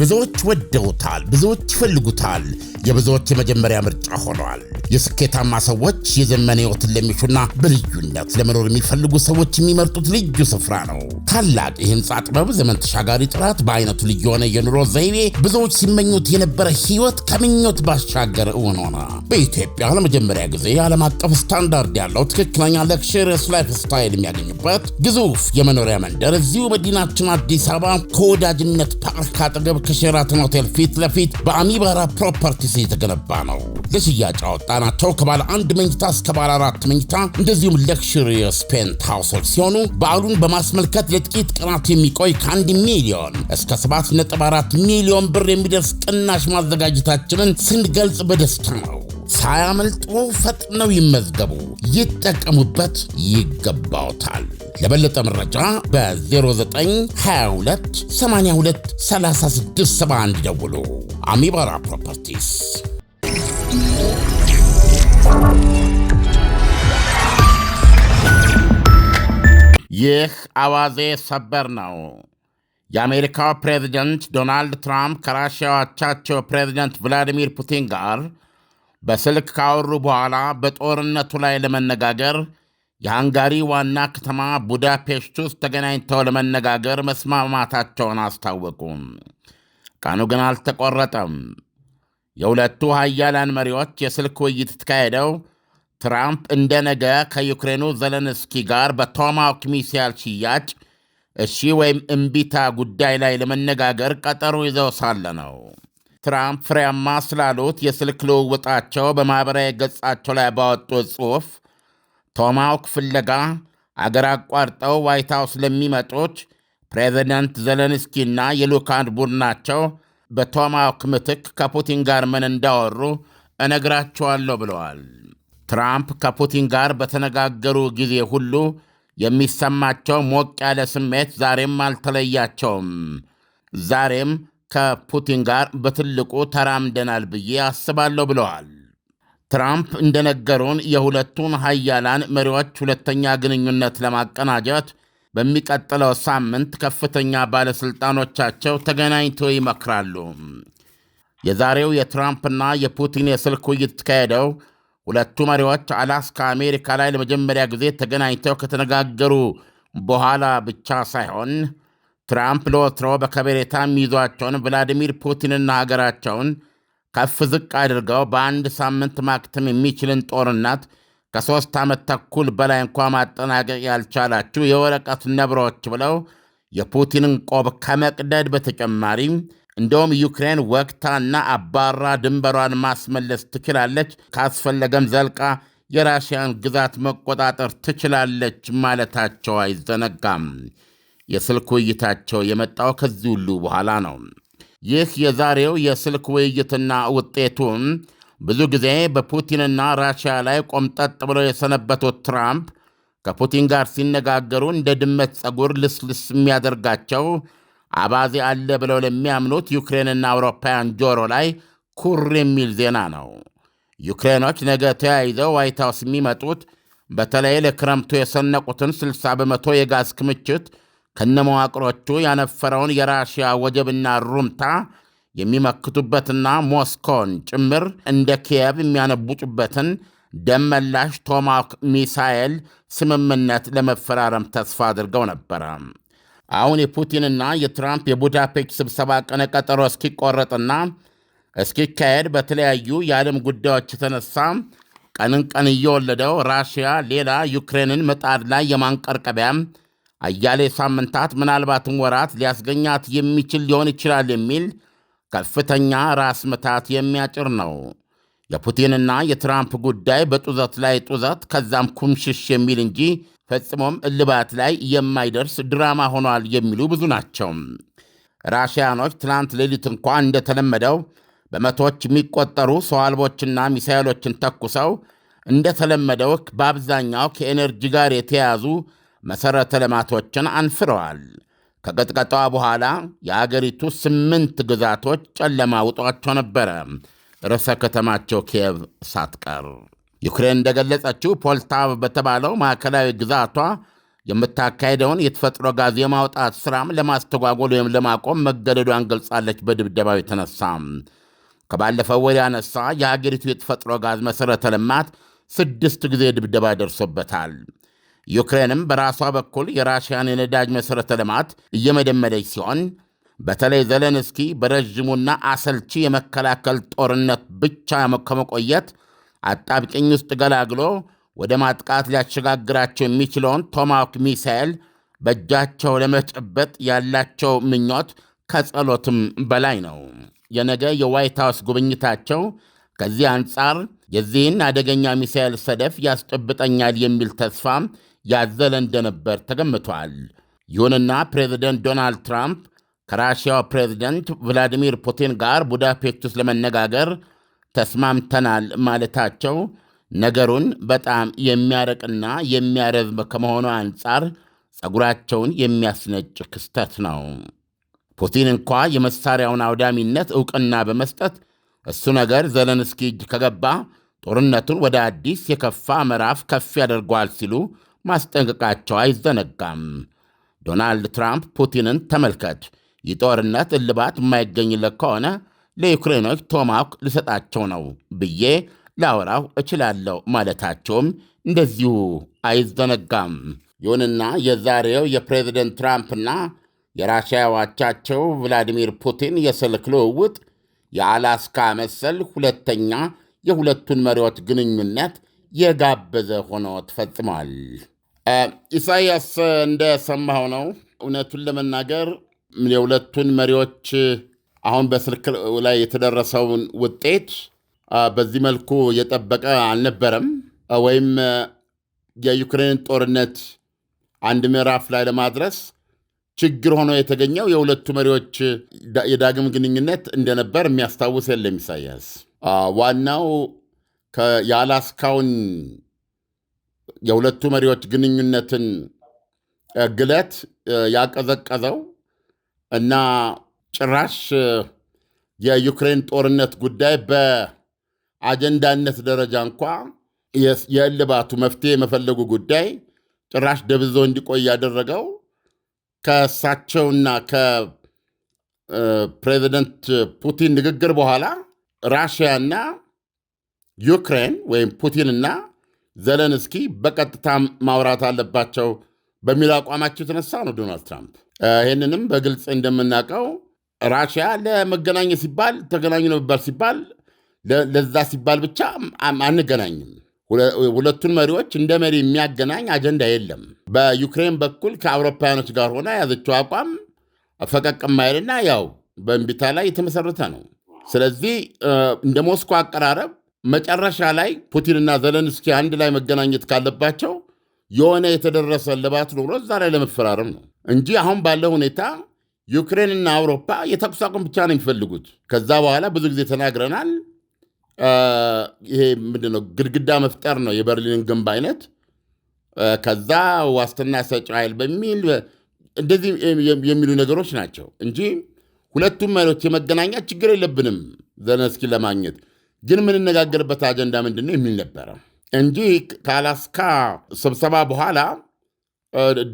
ብዙዎች ወደውታል፣ ብዙዎች ይፈልጉታል፣ የብዙዎች የመጀመሪያ ምርጫ ሆኗል። የስኬታማ ሰዎች የዘመን ህይወትን ለሚሹና በልዩነት ለመኖር የሚፈልጉ ሰዎች የሚመርጡት ልዩ ስፍራ ነው። ታላቅ የህንፃ ጥበብ፣ ዘመን ተሻጋሪ ጥራት፣ በአይነቱ ልዩ የሆነ የኑሮ ዘይቤ፣ ብዙዎች ሲመኙት የነበረ ህይወት ከምኞት ባሻገር እውን ሆነ። በኢትዮጵያ ለመጀመሪያ ጊዜ ዓለም አቀፍ ስታንዳርድ ያለው ትክክለኛ ለክሽርስ ላይፍ ስታይል የሚያገኝበት ግዙፍ የመኖሪያ መንደር እዚሁ መዲናችን አዲስ አበባ ከወዳጅነት ፓርክ አጠገብ ከሼራተን ሆቴል ፊት ለፊት በአሚባራ ፕሮፐርቲስ የተገነባ ነው። ለሽያጭ አወጣናቸው ከባለ አንድ መኝታ እስከ ባለ አራት መኝታ እንደዚሁም ለክሽሪየስ ፔንት ሃውሶች ሲሆኑ በዓሉን በማስመልከት ለጥቂት ቀናት የሚቆይ ከአንድ ሚሊዮን እስከ 7.4 ሚሊዮን ብር የሚደርስ ቅናሽ ማዘጋጀታችንን ስንገልጽ በደስታ ነው። ሳያመልጡ ፈጥነው ይመዝገቡ፣ ይጠቀሙበት ይገባውታል። ለበለጠ መረጃ በ0922 82 ደውሉ። አሚባራ ፕሮፐርቲስ ይህ አዋዜ ሰበር ነው። የአሜሪካው ፕሬዚደንት ዶናልድ ትራምፕ ከራሽያው አቻቸው ፕሬዚደንት ቭላዲሚር ፑቲን ጋር በስልክ ካወሩ በኋላ በጦርነቱ ላይ ለመነጋገር የሃንጋሪ ዋና ከተማ ቡዳፔስት ውስጥ ተገናኝተው ለመነጋገር መስማማታቸውን አስታወቁ። ቀኑ ግን አልተቆረጠም። የሁለቱ ሀያላን መሪዎች የስልክ ውይይት ተካሄደው ትራምፕ እንደ ነገ ከዩክሬኑ ዘለንስኪ ጋር በቶማሃውክ ሚሳይል ሽያጭ እሺ ወይም እምቢታ ጉዳይ ላይ ለመነጋገር ቀጠሮ ይዘው ሳለ ነው። ትራምፕ ፍሬያማ ስላሉት የስልክ ልውውጣቸው በማኅበራዊ ገጻቸው ላይ ባወጡት ጽሑፍ ቶማውክ ፍለጋ አገር አቋርጠው ዋይት ሃውስ ለሚመጡት ፕሬዚደንት ዘለንስኪና የልዑካን ቡድናቸው በቶማውክ ምትክ ከፑቲን ጋር ምን እንዳወሩ እነግራቸዋለሁ ብለዋል። ትራምፕ ከፑቲን ጋር በተነጋገሩ ጊዜ ሁሉ የሚሰማቸው ሞቅ ያለ ስሜት ዛሬም አልተለያቸውም። ዛሬም ከፑቲን ጋር በትልቁ ተራምደናል ብዬ አስባለሁ ብለዋል። ትራምፕ እንደነገሩን የሁለቱን ሀያላን መሪዎች ሁለተኛ ግንኙነት ለማቀናጀት በሚቀጥለው ሳምንት ከፍተኛ ባለሥልጣኖቻቸው ተገናኝቶ ይመክራሉ። የዛሬው የትራምፕና የፑቲን የስልክ ውይይት ተካሄደው ሁለቱ መሪዎች አላስካ አሜሪካ ላይ ለመጀመሪያ ጊዜ ተገናኝተው ከተነጋገሩ በኋላ ብቻ ሳይሆን ትራምፕ ለወትሮ በከበሬታ የሚይዟቸውን ቭላዲሚር ፑቲንና ሀገራቸውን ከፍ ዝቅ አድርገው በአንድ ሳምንት ማክተም የሚችልን ጦርነት ከሦስት ዓመት ተኩል በላይ እንኳ ማጠናቀቅ ያልቻላችሁ የወረቀት ነብሮች ብለው የፑቲንን ቆብ ከመቅደድ በተጨማሪ እንደውም ዩክሬን ወቅታና አባራ ድንበሯን ማስመለስ ትችላለች፣ ካስፈለገም ዘልቃ የራሽያን ግዛት መቆጣጠር ትችላለች ማለታቸው አይዘነጋም። የስልክ ውይይታቸው የመጣው ከዚህ ሁሉ በኋላ ነው። ይህ የዛሬው የስልክ ውይይትና ውጤቱም ብዙ ጊዜ በፑቲንና ራሽያ ላይ ቆምጠጥ ብለው የሰነበቱት ትራምፕ ከፑቲን ጋር ሲነጋገሩ እንደ ድመት ጸጉር ልስልስ የሚያደርጋቸው አባዜ አለ ብለው ለሚያምኑት ዩክሬንና አውሮፓውያን ጆሮ ላይ ኩር የሚል ዜና ነው። ዩክሬኖች ነገ ተያይዘው ዋይት ሃውስ የሚመጡት በተለይ ለክረምቱ የሰነቁትን 60 በመቶ የጋዝ ክምችት ከነመዋቅሮቹ ያነፈረውን የራሽያ ወጀብና ሩምታ የሚመክቱበትና ሞስኮን ጭምር እንደ ኪየቭ የሚያነቡጩበትን ደመላሽ ቶማክ ሚሳኤል ስምምነት ለመፈራረም ተስፋ አድርገው ነበረ። አሁን የፑቲንና የትራምፕ የቡዳፔስት ስብሰባ ቀነ ቀጠሮ እስኪቆረጥና እስኪካሄድ በተለያዩ የዓለም ጉዳዮች የተነሳ ቀንን ቀን እየወለደው ራሽያ ሌላ ዩክሬንን ምጣድ ላይ የማንቀርቀቢያም አያሌ ሳምንታት ምናልባትም ወራት ሊያስገኛት የሚችል ሊሆን ይችላል የሚል ከፍተኛ ራስ ምታት የሚያጭር ነው። የፑቲንና የትራምፕ ጉዳይ በጡዘት ላይ ጡዘት ከዛም ኩምሽሽ የሚል እንጂ ፈጽሞም እልባት ላይ የማይደርስ ድራማ ሆኗል የሚሉ ብዙ ናቸው። ራሽያኖች ትናንት ሌሊት እንኳ እንደተለመደው በመቶዎች የሚቆጠሩ ሰው አልቦችና ሚሳይሎችን ተኩሰው እንደተለመደው በአብዛኛው ከኤነርጂ ጋር የተያያዙ መሠረተ ልማቶችን አንፍረዋል። ከቀጥቀጣዋ በኋላ የአገሪቱ ስምንት ግዛቶች ጨለማ ውጧቸው ነበረ፣ ርዕሰ ከተማቸው ኪየቭ ሳትቀር። ዩክሬን እንደገለጸችው ፖልታቭ በተባለው ማዕከላዊ ግዛቷ የምታካሄደውን የተፈጥሮ ጋዝ የማውጣት ሥራም ለማስተጓጎል ወይም ለማቆም መገደዷን ገልጻለች። በድብደባው የተነሳ ከባለፈው ወር ያነሳ የሀገሪቱ የተፈጥሮ ጋዝ መሠረተ ልማት ስድስት ጊዜ ድብደባ ደርሶበታል። ዩክሬንም በራሷ በኩል የራሽያን የነዳጅ መሠረተ ልማት እየመደመደች ሲሆን በተለይ ዘለንስኪ በረዥሙና አሰልቺ የመከላከል ጦርነት ብቻ ከመቆየት አጣብቂኝ ውስጥ ገላግሎ ወደ ማጥቃት ሊያሸጋግራቸው የሚችለውን ቶማክ ሚሳኤል በእጃቸው ለመጨበጥ ያላቸው ምኞት ከጸሎትም በላይ ነው። የነገ የዋይት ሃውስ ጉብኝታቸው ከዚህ አንጻር የዚህን አደገኛ ሚሳኤል ሰደፍ ያስጨብጠኛል የሚል ተስፋ ያዘለ እንደነበር ተገምቷል። ይሁንና ፕሬዚደንት ዶናልድ ትራምፕ ከራሽያው ፕሬዚደንት ቭላዲሚር ፑቲን ጋር ቡዳፔስት ውስጥ ለመነጋገር ተስማምተናል ማለታቸው ነገሩን በጣም የሚያረቅና የሚያረዝም ከመሆኑ አንጻር ጸጉራቸውን የሚያስነጭ ክስተት ነው። ፑቲን እንኳ የመሳሪያውን አውዳሚነት ዕውቅና በመስጠት እሱ ነገር ዘለንስኪ እጅ ከገባ ጦርነቱን ወደ አዲስ የከፋ ምዕራፍ ከፍ ያደርጓል ሲሉ ማስጠንቀቃቸው አይዘነጋም። ዶናልድ ትራምፕ ፑቲንን ተመልከት፣ ይህ ጦርነት እልባት የማይገኝለት ከሆነ ለዩክሬኖች ቶማሃውክ ልሰጣቸው ነው ብዬ ላውራው እችላለሁ ማለታቸውም እንደዚሁ አይዘነጋም። ይሁንና የዛሬው የፕሬዚደንት ትራምፕና የራሽያ አቻቸው ቭላዲሚር ፑቲን የስልክ ልውውጥ የአላስካ መሰል ሁለተኛ የሁለቱን መሪዎች ግንኙነት የጋበዘ ሆኖ ተፈጽሟል። Uh, ኢሳያስ uh, እንደሰማኸው ነው። እውነቱን ለመናገር የሁለቱን መሪዎች uh, አሁን በስልክ ላይ የተደረሰውን ውጤት በዚህ መልኩ የጠበቀ አልነበረም። ወይም የዩክሬን ጦርነት አንድ ምዕራፍ ላይ ለማድረስ ችግር ሆኖ የተገኘው የሁለቱ መሪዎች የዳግም ግንኙነት እንደነበር የሚያስታውስ የለም። ኢሳያስ ዋናው የአላስካውን የሁለቱ መሪዎች ግንኙነትን ግለት ያቀዘቀዘው እና ጭራሽ የዩክሬን ጦርነት ጉዳይ በአጀንዳነት ደረጃ እንኳ የእልባቱ መፍትሄ የመፈለጉ ጉዳይ ጭራሽ ደብዞ እንዲቆይ ያደረገው ከእሳቸውና ከፕሬዚደንት ፑቲን ንግግር በኋላ ራሽያና ዩክሬን ወይም ፑቲንና ዘለንስኪ በቀጥታ ማውራት አለባቸው በሚል አቋማቸው የተነሳ ነው ዶናልድ ትራምፕ። ይህንንም በግልጽ እንደምናውቀው ራሽያ ለመገናኘ ሲባል ተገናኙ ለመባል ሲባል ለዛ ሲባል ብቻ አንገናኝም። ሁለቱን መሪዎች እንደ መሪ የሚያገናኝ አጀንዳ የለም። በዩክሬን በኩል ከአውሮፓውያኖች ጋር ሆና የያዘችው አቋም ፈቀቅ ማይልና ያው በእንቢታ ላይ የተመሰረተ ነው። ስለዚህ እንደ ሞስኮ አቀራረብ መጨረሻ ላይ ፑቲንና ዘለንስኪ አንድ ላይ መገናኘት ካለባቸው የሆነ የተደረሰ ልባት ኖሮ እዛ ላይ ለመፈራረም ነው እንጂ አሁን ባለው ሁኔታ ዩክሬንና አውሮፓ የተኩስ አቁም ብቻ ነው የሚፈልጉት። ከዛ በኋላ ብዙ ጊዜ ተናግረናል። ይሄ ምንድነው ግድግዳ መፍጠር ነው የበርሊንን ግንብ አይነት። ከዛ ዋስትና ሰጪ ኃይል በሚል እንደዚህ የሚሉ ነገሮች ናቸው እንጂ ሁለቱም መሪዎች የመገናኛ ችግር የለብንም ዘለንስኪን ለማግኘት ግን የምንነጋገርበት አጀንዳ ምንድን ነው የሚል ነበረ እንጂ ከአላስካ ስብሰባ በኋላ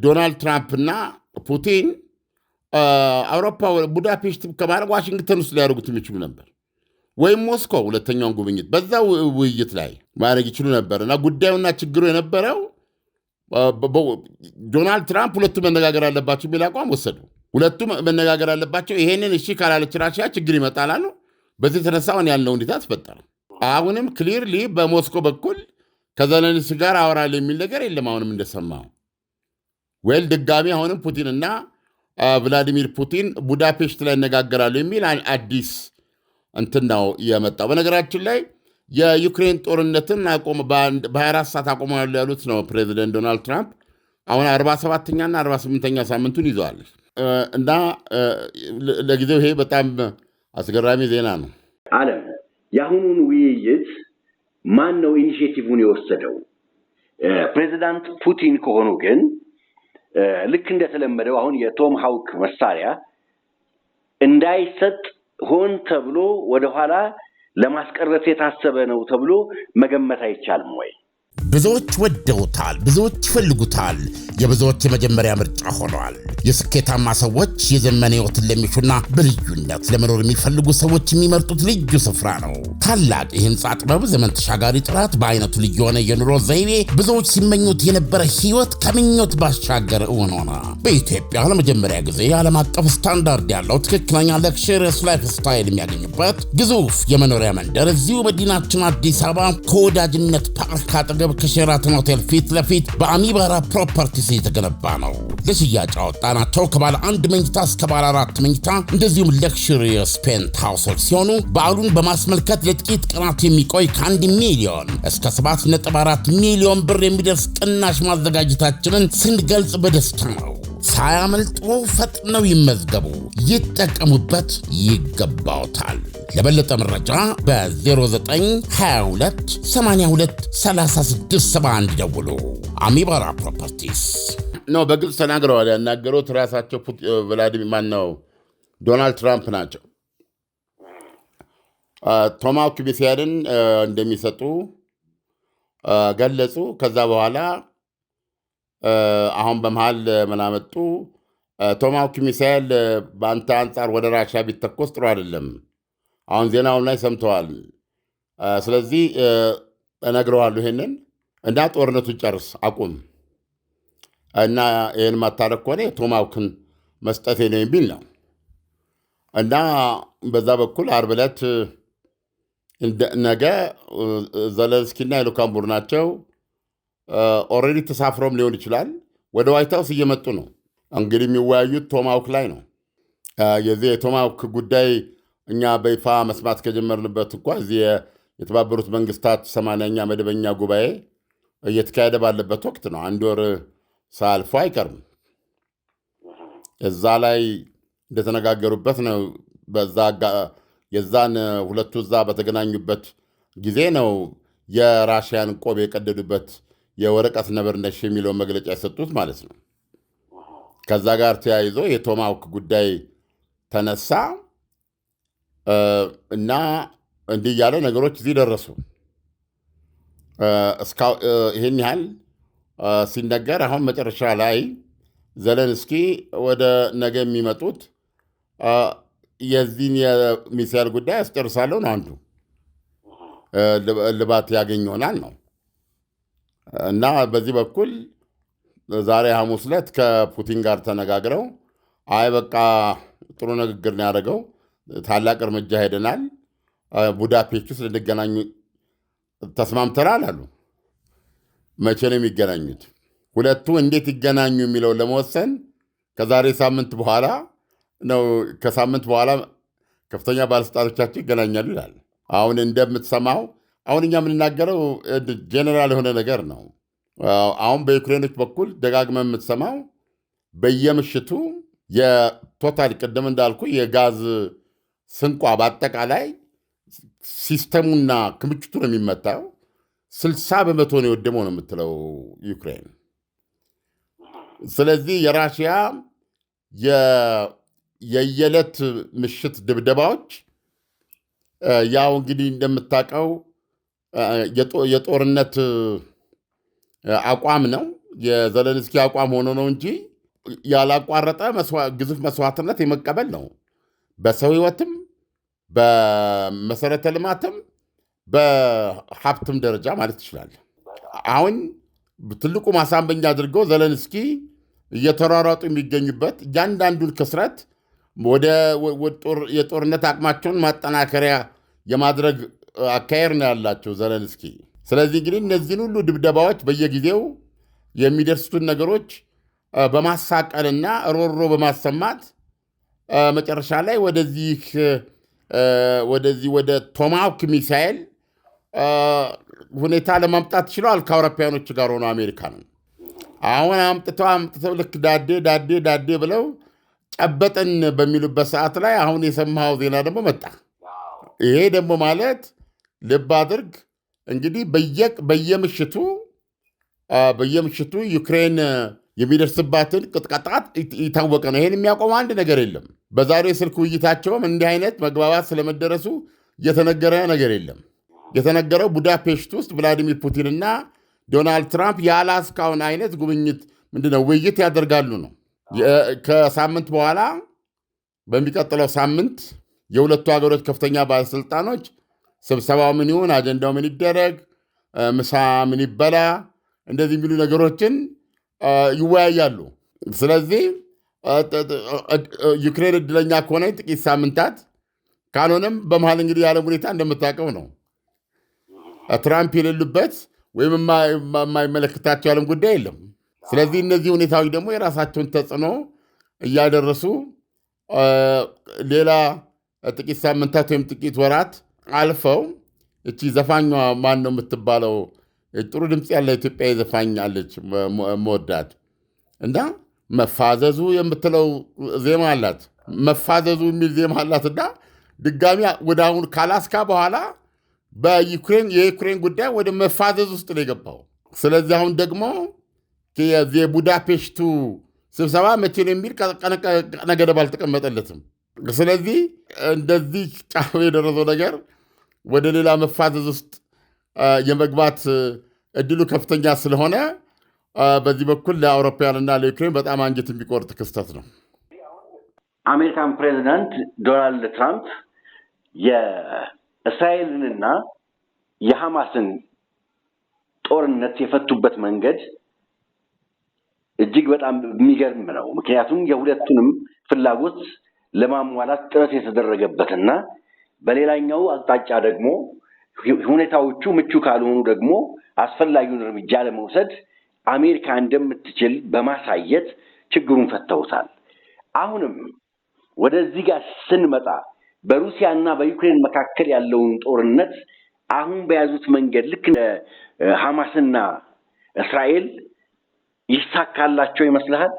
ዶናልድ ትራምፕ እና ፑቲን አውሮፓ ቡዳፔስት ከማድረግ ዋሽንግተን ውስጥ ሊያደርጉት የሚችሉ ነበር፣ ወይም ሞስኮ ሁለተኛውን ጉብኝት በዛ ውይይት ላይ ማድረግ ይችሉ ነበር እና ጉዳዩና ችግሩ የነበረው ዶናልድ ትራምፕ ሁለቱ መነጋገር አለባቸው የሚል አቋም ወሰዱ። ሁለቱ መነጋገር አለባቸው። ይሄንን እሺ ካላለች ራሽያ ችግር ይመጣል አሉ። በዚህ የተነሳውን ያለው ሁኔታ አስፈጠረ። አሁንም ክሊርሊ በሞስኮ በኩል ከዘለንስ ጋር አወራል የሚል ነገር የለም። አሁንም እንደሰማው ወይል ድጋሚ አሁንም ፑቲን እና ቭላዲሚር ፑቲን ቡዳፔስት ላይ ነጋገራሉ የሚል አዲስ እንትን ነው የመጣው። በነገራችን ላይ የዩክሬን ጦርነትን በ24 ሰዓት ያሉ ያሉት ነው ፕሬዚደንት ዶናልድ ትራምፕ። አሁን 47ኛና 48ኛ ሳምንቱን ይዘዋል እና ለጊዜው ይሄ በጣም አስገራሚ ዜና ነው። አለም የአሁኑን ውይይት ማን ነው ኢኒሽቲቭን የወሰደው? ፕሬዚዳንት ፑቲን ከሆኑ ግን ልክ እንደተለመደው አሁን የቶም ሀውክ መሳሪያ እንዳይሰጥ ሆን ተብሎ ወደኋላ ለማስቀረት የታሰበ ነው ተብሎ መገመት አይቻልም ወይ? ብዙዎች ወደውታል፣ ብዙዎች ይፈልጉታል፣ የብዙዎች የመጀመሪያ ምርጫ ሆኗል። የስኬታማ ሰዎች የዘመን ህይወትን ለሚሹና በልዩነት ለመኖር የሚፈልጉ ሰዎች የሚመርጡት ልዩ ስፍራ ነው። ታላቅ የህንፃ ጥበብ፣ ዘመን ተሻጋሪ ጥራት፣ በአይነቱ ልዩ የሆነ የኑሮ ዘይቤ፣ ብዙዎች ሲመኙት የነበረ ህይወት ከምኞት ባሻገር እውን ሆነ። በኢትዮጵያ ለመጀመሪያ ጊዜ ዓለም አቀፍ ስታንዳርድ ያለው ትክክለኛ ለክሽርስ ላይፍ ስታይል የሚያገኝበት ግዙፍ የመኖሪያ መንደር እዚሁ መዲናችን አዲስ አበባ ከወዳጅነት ፓርክ አጠገብ ከሼራተን ሆቴል ፊት ለፊት በአሚባራ ፕሮፐርቲስ የተገነባ ነው። ለሽያጭ አወጣናቸው ከባለ አንድ መኝታ እስከ ባለ አራት መኝታ እንደዚሁም ለክሽሪየስ ፔንት ሃውሶች ሲሆኑ በዓሉን በማስመልከት ለጥቂት ቀናት የሚቆይ ከአንድ ሚሊዮን እስከ 7.4 ሚሊዮን ብር የሚደርስ ቅናሽ ማዘጋጀታችንን ስንገልጽ በደስታ ነው። ሳያመልጦ ፈጥነው ይመዝገቡ፣ ይጠቀሙበት፣ ይገባውታል። ለበለጠ መረጃ በ0922 82 ደውሉ። አሚባራ ፕሮፐርቲስ ነው። በግልጽ ተናግረዋል። ያናገሩት ራሳቸው ቭላዲሚር ማነው ዶናልድ ትራምፕ ናቸው። ቶማስ ኪቢሲያድን እንደሚሰጡ ገለጹ። ከዛ በኋላ አሁን በመሃል ምናመጡ ቶማሃውክ ሚሳይል በአንተ አንጻር ወደ ራሻ ቢተኮስ ጥሩ አይደለም። አሁን ዜናውን ላይ ሰምተዋል። ስለዚህ እነግረዋሉ ይሄንን እና ጦርነቱን ጨርስ አቁም እና ይህን ማታረግ ከሆነ ቶማሃውክን መስጠቴ ነው የሚል ነው እና በዛ በኩል ዓርብ ዕለት ነገ ዘለንስኪና የልኡካን ቡድናቸው ኦልሬዲ ተሳፍሮም ሊሆን ይችላል። ወደ ዋይት ሀውስ እየመጡ ነው። እንግዲህ የሚወያዩት ቶማውክ ላይ ነው። የዚህ የቶማውክ ጉዳይ እኛ በይፋ መስማት ከጀመርንበት እንኳ እዚህ የተባበሩት መንግስታት ሰማንያኛ መደበኛ ጉባኤ እየተካሄደ ባለበት ወቅት ነው። አንድ ወር ሳልፎ አይቀርም። እዛ ላይ እንደተነጋገሩበት ነው። የዛን ሁለቱ እዛ በተገናኙበት ጊዜ ነው የራሽያን ቆብ የቀደዱበት የወረቀት ነብር ነሽ የሚለው መግለጫ የሰጡት ማለት ነው። ከዛ ጋር ተያይዞ የቶማውክ ጉዳይ ተነሳ እና እንዲህ እያለ ነገሮች እዚህ ደረሱ። ይህን ያህል ሲነገር አሁን መጨረሻ ላይ ዘለንስኪ ወደ ነገ የሚመጡት የዚህን የሚሳኤል ጉዳይ አስጨርሳለሁ ነው አንዱ ልባት ያገኝ ይሆናል ነው እና በዚህ በኩል ዛሬ ሐሙስ ዕለት ከፑቲን ጋር ተነጋግረው አይ በቃ ጥሩ ንግግር ነው ያደረገው፣ ታላቅ እርምጃ ሄደናል፣ ቡዳፔስት ውስጥ ልንገናኙ ተስማምተናል አሉ። መቼ ነው የሚገናኙት? ሁለቱ እንዴት ይገናኙ የሚለው ለመወሰን ከዛሬ ሳምንት በኋላ ነው። ከሳምንት በኋላ ከፍተኛ ባለስልጣኖቻቸው ይገናኛሉ ይላል። አሁን እንደምትሰማው አሁን እኛ የምንናገረው ጄኔራል የሆነ ነገር ነው። አሁን በዩክሬኖች በኩል ደጋግመ የምትሰማው በየምሽቱ የቶታል ቅድም እንዳልኩ የጋዝ ስንቋ በአጠቃላይ ሲስተሙና ክምችቱ ነው የሚመታው። ስልሳ በመቶ ነው የወደመው ነው የምትለው ዩክሬን። ስለዚህ የራሽያ የየዕለት ምሽት ድብደባዎች ያው እንግዲህ እንደምታውቀው የጦርነት አቋም ነው የዘለንስኪ አቋም ሆኖ ነው እንጂ ያላቋረጠ ግዙፍ መስዋዕትነት የመቀበል ነው። በሰው ህይወትም፣ በመሰረተ ልማትም፣ በሀብትም ደረጃ ማለት ይችላል። አሁን ትልቁ ማሳመኛ አድርገው ዘለንስኪ እየተሯሯጡ የሚገኙበት እያንዳንዱን ክስረት ወደ የጦርነት አቅማቸውን ማጠናከሪያ የማድረግ አካሄድ ነው ያላቸው ዘለንስኪ። ስለዚህ እንግዲህ እነዚህን ሁሉ ድብደባዎች በየጊዜው የሚደርሱትን ነገሮች በማሳቀልና ሮሮ በማሰማት መጨረሻ ላይ ወደዚህ ወደዚህ ወደ ቶማሃውክ ሚሳኤል ሁኔታ ለማምጣት ችለዋል። ከአውሮፓውያኖች ጋር ሆኖ አሜሪካ ነው አሁን አምጥተው አምጥተው ልክ ዳዴ ዳዴ ዳዴ ብለው ጨበጥን በሚሉበት ሰዓት ላይ አሁን የሰማኸው ዜና ደግሞ መጣ። ይሄ ደግሞ ማለት ልብ አድርግ እንግዲህ በየምሽቱ በየምሽቱ ዩክሬን የሚደርስባትን ቅጥቃጣት ይታወቀ ነው። ይህን የሚያቆም አንድ ነገር የለም። በዛሬው የስልክ ውይይታቸውም እንዲህ አይነት መግባባት ስለመደረሱ የተነገረ ነገር የለም። የተነገረው ቡዳፔሽት ውስጥ ቭላዲሚር ፑቲንና ዶናልድ ትራምፕ የአላስካውን አይነት ጉብኝት ምንድነው ውይይት ያደርጋሉ ነው። ከሳምንት በኋላ በሚቀጥለው ሳምንት የሁለቱ ሀገሮች ከፍተኛ ባለስልጣኖች ስብሰባው ምን ይሁን፣ አጀንዳው ምን ይደረግ፣ ምሳ ምን ይበላ፣ እንደዚህ የሚሉ ነገሮችን ይወያያሉ። ስለዚህ ዩክሬን እድለኛ ከሆነ ጥቂት ሳምንታት ካልሆነም በመሀል እንግዲህ የዓለም ሁኔታ እንደምታውቀው ነው። ትራምፕ የሌሉበት ወይም የማይመለከታቸው የዓለም ጉዳይ የለም። ስለዚህ እነዚህ ሁኔታዎች ደግሞ የራሳቸውን ተጽዕኖ እያደረሱ ሌላ ጥቂት ሳምንታት ወይም ጥቂት ወራት አልፈው እቺ ዘፋኛ ማን ነው የምትባለው? ጥሩ ድምፅ ያለ ኢትዮጵያዊ ዘፋኝ አለች መወዳት እና መፋዘዙ የምትለው ዜማ አላት። መፋዘዙ የሚል ዜማ አላት እና ድጋሚ ወደ አሁን ካላስካ በኋላ በዩክሬን የዩክሬን ጉዳይ ወደ መፋዘዝ ውስጥ ነው የገባው። ስለዚህ አሁን ደግሞ የቡዳፔሽቱ ስብሰባ መቼ ነው የሚል ቀነ ገደብ አልተቀመጠለትም። ስለዚህ እንደዚህ ጫፍ የደረሰው ነገር ወደ ሌላ መፋዘዝ ውስጥ የመግባት እድሉ ከፍተኛ ስለሆነ በዚህ በኩል ለአውሮፓውያንና ለዩክሬን በጣም አንጀት የሚቆርጥ ክስተት ነው። አሜሪካን ፕሬዚዳንት ዶናልድ ትራምፕ የእስራኤልንና የሐማስን ጦርነት የፈቱበት መንገድ እጅግ በጣም የሚገርም ነው። ምክንያቱም የሁለቱንም ፍላጎት ለማሟላት ጥረት የተደረገበትና በሌላኛው አቅጣጫ ደግሞ ሁኔታዎቹ ምቹ ካልሆኑ ደግሞ አስፈላጊውን እርምጃ ለመውሰድ አሜሪካ እንደምትችል በማሳየት ችግሩን ፈተውታል። አሁንም ወደዚህ ጋር ስንመጣ በሩሲያና በዩክሬን መካከል ያለውን ጦርነት አሁን በያዙት መንገድ ልክ ሐማስና እስራኤል ይሳካላቸው ይመስልሃል?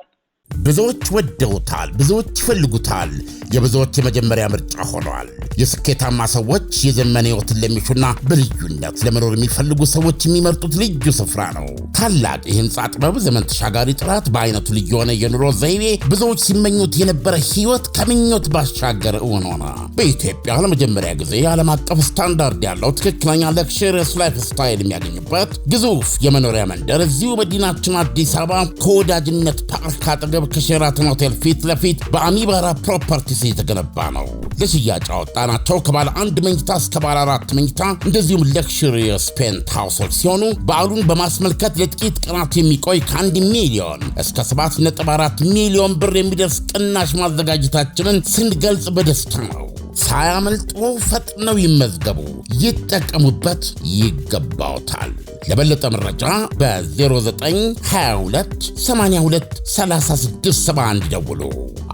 ብዙዎች ወደውታል፣ ብዙዎች ይፈልጉታል፣ የብዙዎች የመጀመሪያ ምርጫ ሆኗል። የስኬታማ ሰዎች የዘመን ህይወትን ለሚሹና በልዩነት ለመኖር የሚፈልጉ ሰዎች የሚመርጡት ልዩ ስፍራ ነው። ታላቅ የህንፃ ጥበብ፣ ዘመን ተሻጋሪ ጥራት፣ በአይነቱ ልዩ የሆነ የኑሮ ዘይቤ፣ ብዙዎች ሲመኙት የነበረ ህይወት ከምኞት ባሻገር እውን ሆነ። በኢትዮጵያ ለመጀመሪያ ጊዜ ዓለም አቀፍ ስታንዳርድ ያለው ትክክለኛ ለክሽርስ ላይፍ ስታይል የሚያገኝበት ግዙፍ የመኖሪያ መንደር እዚሁ መዲናችን አዲስ አበባ ከወዳጅነት ፓርክ አጠገብ አጠገብ ከሼራተን ሆቴል ፊት ለፊት በአሚባራ ፕሮፐርቲስ የተገነባ ነው። ለሽያጭ አወጣናቸው ከባለ አንድ መኝታ እስከ ባለ አራት መኝታ እንደዚሁም ለክሽሪየስ ፔንት ሃውሶች ሲሆኑ በዓሉን በማስመልከት ለጥቂት ቀናት የሚቆይ ከአንድ ሚሊዮን እስከ 7.4 ሚሊዮን ብር የሚደርስ ቅናሽ ማዘጋጀታችንን ስንገልጽ በደስታ ነው። ሳያመልጡ ፈጥነው ይመዝገቡ፣ ይጠቀሙበት ይገባውታል። ለበለጠ መረጃ በ 0922823671 82 3671 ይደውሉ።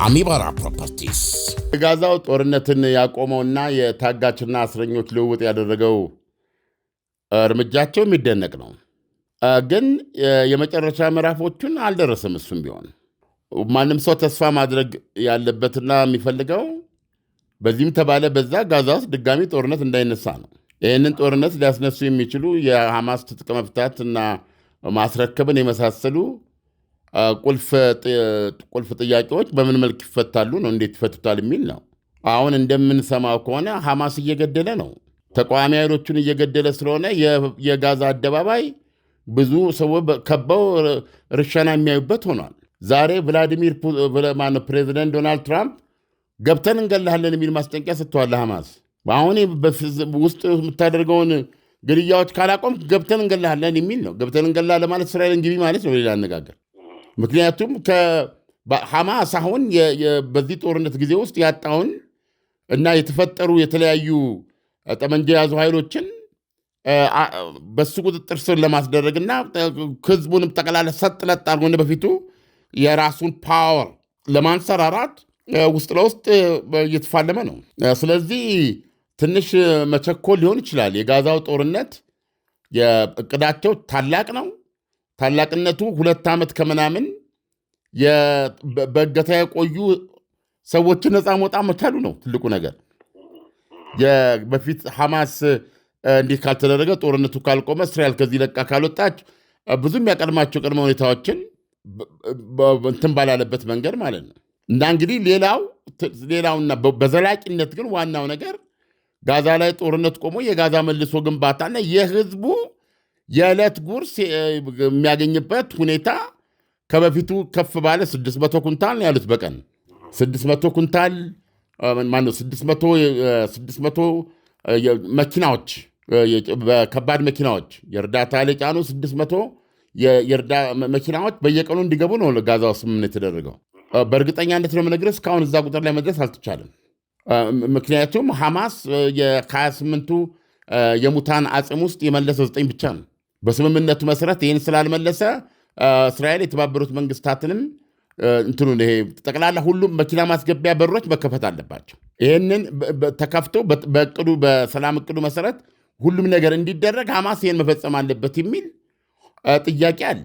አሚባራ ፕሮፐርቲስ። ጋዛው ጦርነትን ያቆመውና የታጋችና እስረኞች ልውውጥ ያደረገው እርምጃቸው የሚደነቅ ነው። ግን የመጨረሻ ምዕራፎቹን አልደረሰም። እሱም ቢሆን ማንም ሰው ተስፋ ማድረግ ያለበትና የሚፈልገው በዚህም ተባለ በዛ ጋዛ ውስጥ ድጋሚ ጦርነት እንዳይነሳ ነው። ይህንን ጦርነት ሊያስነሱ የሚችሉ የሐማስ ትጥቅ መፍታት እና ማስረከብን የመሳሰሉ ቁልፍ ጥያቄዎች በምን መልክ ይፈታሉ ነው፣ እንዴት ይፈቱታል የሚል ነው። አሁን እንደምንሰማው ከሆነ ሐማስ እየገደለ ነው፣ ተቃዋሚ ኃይሎቹን እየገደለ ስለሆነ የጋዛ አደባባይ ብዙ ሰዎች ከበው ርሸና የሚያዩበት ሆኗል። ዛሬ ቭላዲሚር ፕሬዚደንት ዶናልድ ትራምፕ ገብተን እንገላሃለን የሚል ማስጠንቀቂያ ሰጥተዋል ሐማስ። አሁን ውስጥ የምታደርገውን ግድያዎች ካላቆም ገብተን እንገላሃለን የሚል ነው። ገብተን እንገላለን ማለት እስራኤልን እንግቢ ማለት ነው፣ ሌላ አነጋገር። ምክንያቱም ሐማስ አሁን በዚህ ጦርነት ጊዜ ውስጥ ያጣውን እና የተፈጠሩ የተለያዩ ጠመንጃ የያዙ ኃይሎችን በሱ ቁጥጥር ስር ለማስደረግ እና ህዝቡንም ጠቅላላ ሰጥ ለጥ አድርጎ በፊቱ የራሱን ፓወር ለማንሰራራት ውስጥ ለውስጥ እየተፋለመ ነው። ስለዚህ ትንሽ መቸኮል ሊሆን ይችላል። የጋዛው ጦርነት እቅዳቸው ታላቅ ነው። ታላቅነቱ ሁለት ዓመት ከምናምን በእገታ የቆዩ ሰዎችን ነፃ መውጣት መቻሉ ነው ትልቁ ነገር። በፊት ሐማስ እንዲህ ካልተደረገ ጦርነቱ ካልቆመ እስራኤል ከዚህ ለቃ ካልወጣች ብዙ የሚያቀድማቸው ቅድመ ሁኔታዎችን እንትን ባላለበት መንገድ ማለት ነው እና እንግዲህ ሌላው ሌላውና በዘላቂነት ግን ዋናው ነገር ጋዛ ላይ ጦርነት ቆሞ የጋዛ መልሶ ግንባታና የህዝቡ የዕለት ጉርስ የሚያገኝበት ሁኔታ ከበፊቱ ከፍ ባለ 600 ኩንታል ያሉት በቀን 600 ኩንታል ማነው 600 መኪናዎች ከባድ መኪናዎች የእርዳታ ለጫኑ 600 መኪናዎች በየቀኑ እንዲገቡ ነው ጋዛ ውስጥ ምን የተደረገው። በእርግጠኛነት ነው የምነግርህ እስካሁን እዛ ቁጥር ላይ መድረስ አልተቻለም። ምክንያቱም ሐማስ ከ28ቱ የሙታን አጽም ውስጥ የመለሰ ዘጠኝ ብቻ ነው። በስምምነቱ መሰረት ይህን ስላልመለሰ እስራኤል የተባበሩት መንግስታትንም እንትኑ ይሄ ጠቅላላ ሁሉም መኪና ማስገቢያ በሮች መከፈት አለባቸው። ይህንን ተከፍቶ በእቅዱ በሰላም እቅዱ መሰረት ሁሉም ነገር እንዲደረግ ሐማስ ይህን መፈጸም አለበት የሚል ጥያቄ አለ።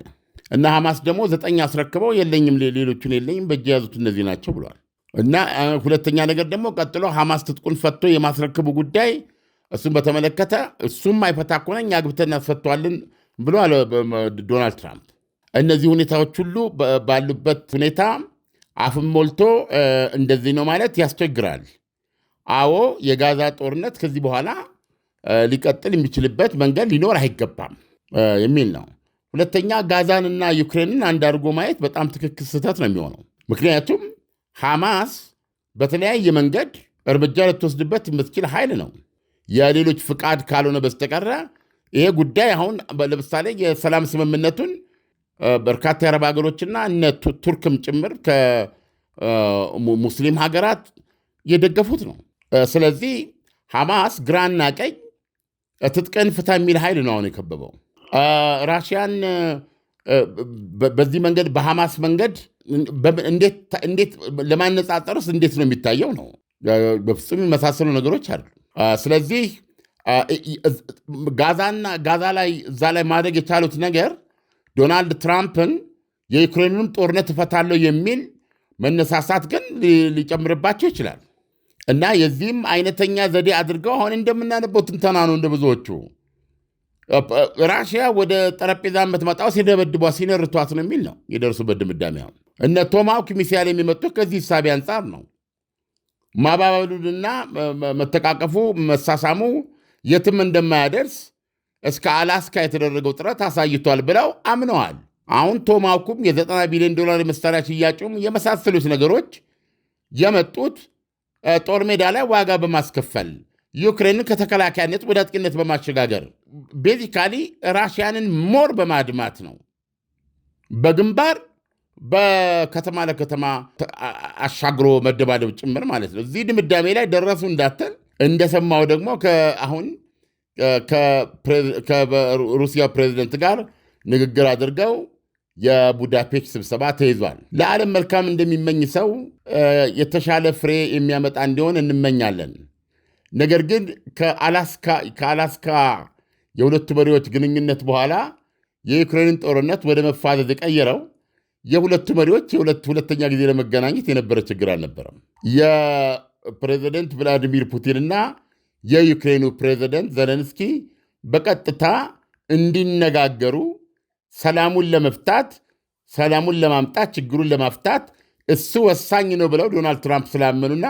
እና ሐማስ ደግሞ ዘጠኝ አስረክበው የለኝም፣ ሌሎቹን የለኝም፣ በእጅ የያዙት እነዚህ ናቸው ብለዋል። እና ሁለተኛ ነገር ደግሞ ቀጥሎ ሐማስ ትጥቁን ፈቶ የማስረክቡ ጉዳይ እሱን በተመለከተ እሱም አይፈታ ከሆነ እኛ ግብተን እናስፈተዋልን ብለዋል ዶናልድ ትራምፕ። እነዚህ ሁኔታዎች ሁሉ ባሉበት ሁኔታ አፍም ሞልቶ እንደዚህ ነው ማለት ያስቸግራል። አዎ የጋዛ ጦርነት ከዚህ በኋላ ሊቀጥል የሚችልበት መንገድ ሊኖር አይገባም የሚል ነው። ሁለተኛ ጋዛንና ዩክሬንን አንድ አድርጎ ማየት በጣም ትክክል ስህተት ነው የሚሆነው። ምክንያቱም ሐማስ በተለያየ መንገድ እርምጃ ልትወስድበት የምትችል ኃይል ነው የሌሎች ፍቃድ ካልሆነ በስተቀረ ይሄ ጉዳይ አሁን ለምሳሌ የሰላም ስምምነቱን በርካታ የአረብ ሀገሮችና እነ ቱርክም ጭምር ከሙስሊም ሀገራት የደገፉት ነው። ስለዚህ ሐማስ ግራና ቀኝ ትጥቅን ፍታ የሚል ኃይል ነው አሁን የከበበው። ራሽያን በዚህ መንገድ በሐማስ መንገድ እንዴት ለማነጻጸርስ እንዴት ነው የሚታየው? ነው በፍጹም የመሳሰሉ ነገሮች አሉ። ስለዚህ ጋዛና ጋዛ ላይ እዛ ላይ ማድረግ የቻሉት ነገር ዶናልድ ትራምፕን የዩክሬኑን ጦርነት እፈታለሁ የሚል መነሳሳት ግን ሊጨምርባቸው ይችላል እና የዚህም አይነተኛ ዘዴ አድርገው አሁን እንደምናነበው ትንተና ነው እንደ ብዙዎቹ ራሽያ ወደ ጠረጴዛ የምትመጣው ሲደበድቧ ሲነርቷት ነው የሚል ነው የደረሱበት ድምዳሜ። አሁን እነ ቶማሃውክ ሚሳይል የሚመጡት ከዚህ ሳቢ አንጻር ነው። ማባበሉንና መተቃቀፉ መሳሳሙ የትም እንደማያደርስ እስከ አላስካ የተደረገው ጥረት አሳይቷል ብለው አምነዋል። አሁን ቶማሃውኩም የዘጠና ቢሊዮን ዶላር መሳሪያ ሽያጩም የመሳሰሉት ነገሮች የመጡት ጦር ሜዳ ላይ ዋጋ በማስከፈል ዩክሬንን ከተከላካይነት ወደ አጥቂነት በማሸጋገር ቤዚካሊ ራሽያንን ሞር በማድማት ነው። በግንባር በከተማ ለከተማ አሻግሮ መደባደብ ጭምር ማለት ነው። እዚህ ድምዳሜ ላይ ደረሱ እንዳተን እንደሰማው ደግሞ አሁን ከሩሲያ ፕሬዚደንት ጋር ንግግር አድርገው የቡዳፔስት ስብሰባ ተይዟል። ለዓለም መልካም እንደሚመኝ ሰው የተሻለ ፍሬ የሚያመጣ እንዲሆን እንመኛለን። ነገር ግን ከአላስካ የሁለቱ መሪዎች ግንኙነት በኋላ የዩክሬንን ጦርነት ወደ መፋዘዝ የቀየረው የሁለቱ መሪዎች ሁለተኛ ጊዜ ለመገናኘት የነበረ ችግር አልነበረም። የፕሬዚደንት ቭላዲሚር ፑቲንና የዩክሬኑ ፕሬዚደንት ዘለንስኪ በቀጥታ እንዲነጋገሩ ሰላሙን ለመፍታት ሰላሙን ለማምጣት ችግሩን ለማፍታት እሱ ወሳኝ ነው ብለው ዶናልድ ትራምፕ ስላመኑና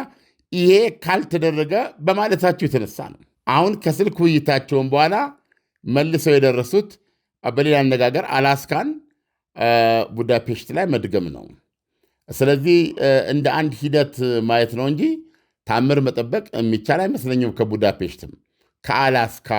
ይሄ ካልተደረገ በማለታቸው የተነሳ ነው። አሁን ከስልክ ውይይታቸውን በኋላ መልሰው የደረሱት በሌላ አነጋገር አላስካን ቡዳፔሽት ላይ መድገም ነው። ስለዚህ እንደ አንድ ሂደት ማየት ነው እንጂ ታምር መጠበቅ የሚቻል አይመስለኝም። ከቡዳፔሽትም ከአላስካ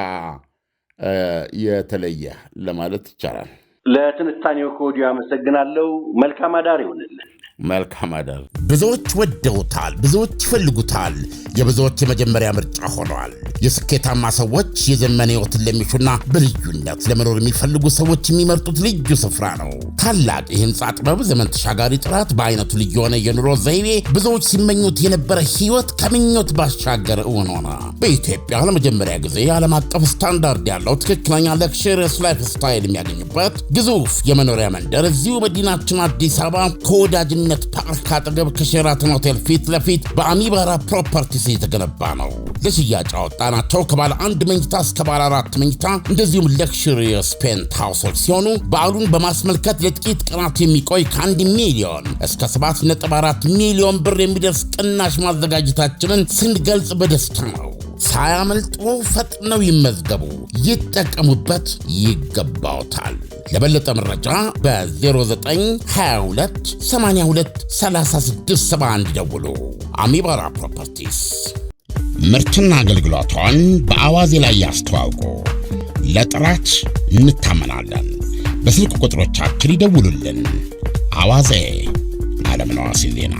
የተለየ ለማለት ይቻላል። ለትንታኔው ከወዲሁ አመሰግናለሁ። መልካም አዳር ይሆንልን። መልካም አዳር። ብዙዎች ወደውታል፣ ብዙዎች ይፈልጉታል፣ የብዙዎች የመጀመሪያ ምርጫ ሆኗል። የስኬታማ ሰዎች የዘመን ህይወትን ለሚሹና በልዩነት ለመኖር የሚፈልጉ ሰዎች የሚመርጡት ልዩ ስፍራ ነው። ታላቅ የህንፃ ጥበብ፣ ዘመን ተሻጋሪ ጥራት፣ በአይነቱ ልዩ የሆነ የኑሮ ዘይቤ፣ ብዙዎች ሲመኙት የነበረ ህይወት ከምኞት ባሻገር እውን ሆነ። በኢትዮጵያ ለመጀመሪያ ጊዜ የዓለም አቀፍ ስታንዳርድ ያለው ትክክለኛ ለክሽርስ ላይፍ ስታይል የሚያገኙበት ግዙፍ የመኖሪያ መንደር እዚሁ መዲናችን አዲስ አበባ ከወዳጅነት በአብነት ፓርክ አጠገብ ከሼራተን ሆቴል ፊት ለፊት በአሚባራ ፕሮፐርቲስ የተገነባ ነው። ለሽያጭ አወጣናቸው ከባለ አንድ መኝታ እስከ ባለ አራት መኝታ እንደዚሁም ለክሽሪየስ ፔንት ሃውሶች ሲሆኑ በዓሉን በማስመልከት ለጥቂት ቀናት የሚቆይ ከአንድ ሚሊዮን እስከ 7.4 ሚሊዮን ብር የሚደርስ ቅናሽ ማዘጋጀታችንን ስንገልጽ በደስታ ነው። ሳያመልጡ ፈጥነው ይመዝገቡ፣ ይጠቀሙበት ይገባውታል። ለበለጠ መረጃ በ0922 ደውሉ 3671 አሚባራ ፕሮፐርቲስ ምርትና አገልግሎቷን በአዋዜ ላይ ያስተዋውቁ። ለጥራት እንታመናለን። በስልክ ቁጥሮቻችን ይደውሉልን። አዋዜ ዓለምነህ ዋሴ ዜና